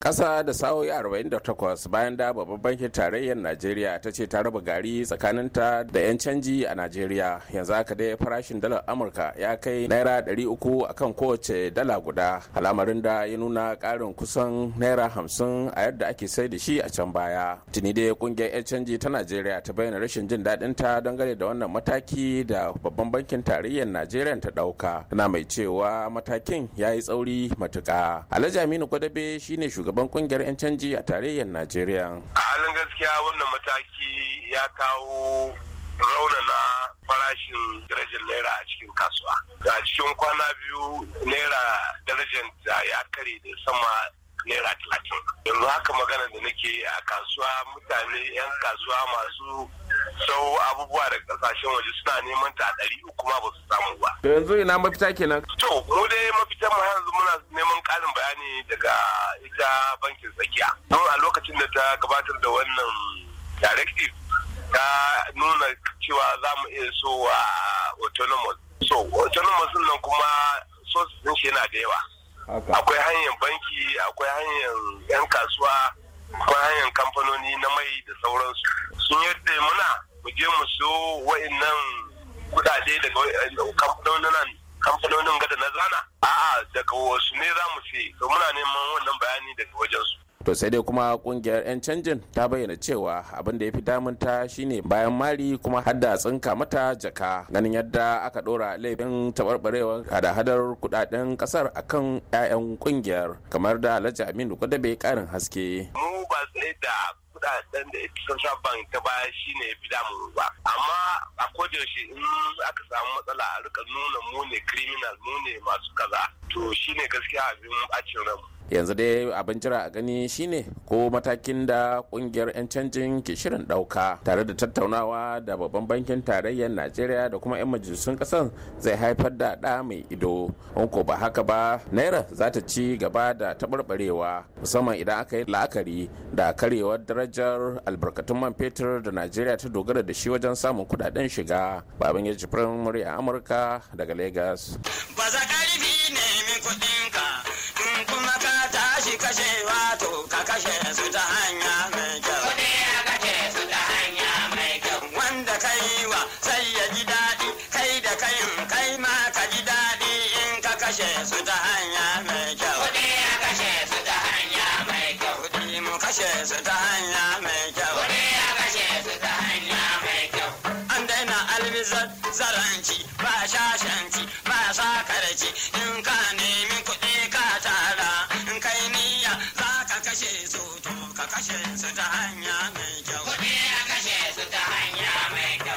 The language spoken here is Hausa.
kasa da sa'o'i 48 bayan da babban bankin tarayyar Najeriya ta ce ta raba gari tsakaninta da 'yan canji a Najeriya. Yanzu haka dai farashin dalar Amurka ya kai naira 300 akan kowace dala guda. Al'amarin da ya nuna karin kusan naira 50 a yadda ake sai da shi a can baya. Tuni dai kungiyar 'yan canji ta Najeriya ta bayyana rashin jin daɗin ta dangane da wannan mataki da babban bankin tarayyar Najeriya ta ɗauka. Tana mai cewa matakin ya yi tsauri matuƙa. Alhaji Aminu Kwadabe shine shugaban shugaban kungiyar 'yan canji a tarayyar najeriya a halin gaskiya wannan mataki ya kawo raunana farashin darajar naira a cikin kasuwa a cikin kwana biyu naira darajar ya kare da sama naira talatin yanzu haka magana da nake a kasuwa mutane 'yan kasuwa masu sau abubuwa da kasashen waje suna neman ta a ɗari uku ma ba su samu ba. yanzu ina mafita kenan. To mu dai mafitan mu yanzu muna neman ƙarin bayani daga ta bankin tsakiya don a lokacin da ta gabatar da wannan directive ta nuna cewa za mu iya so wa autonomous so autonomous nan kuma sources din shi yana da yawa akwai hanyar banki akwai hanyar yan kasuwa akwai hanyar kamfanoni na mai da sauransu sun yadda muna mu je mu so wa'innan kudade daga kamfanonin kamfanonin gada na zana a'a daga wasu ne za mu ce to muna neman wannan bayani daga wajensu to sai dai kuma kungiyar 'yan canjin ta bayyana cewa abin da ya fi damunta shine bayan mari kuma hadda tsinka mata jaka ganin yadda aka dora laifin tabarbarewa hada-hadar kudaden kasar akan 'ya'yan kungiyar kamar da alhaji aminu kwadabe karin haske mu ba sai da dan da central bank ta baya shine ya fi damu ba amma a kodayaushe in aka samu matsala a rika nuna mu ne criminal mu ne masu kaza to shine gaskiya abin bacin ranmu yanzu dai abin jira a gani shine ko matakin da kungiyar 'yan canjin ke shirin dauka tare da tattaunawa da babban bankin tarayyar najeriya da kuma 'yan majalisun kasan zai haifar da da mai ido ko ba haka ba naira za ta ci gaba da taɓarɓarewa musamman idan aka yi la'akari da karewar darajar albarkatun man fetur da najeriya ta dogara da shi wajen samun kudaden shiga baban ya jifirin murya amurka daga lagos ba za ne min kuɗin kashe su ta hanya mai kyau. Kuɗi a kashe su ta hanya mai kyau. Wanda ka yi wa sai ya ji daɗi, kai da kayin kai ma ka ji daɗi in ka kashe su ta hanya mai kyau. Kuɗi a kashe su ta hanya mai kyau. Kuɗi mu kashe su ta hanya mai kyau. Kuɗi a kashe su ta hanya mai kyau. An daina almizar zaranci ba shashanci. cutu ka kashe su ta hanya mai kyau. Kuɗi a kashe su ta hanya mai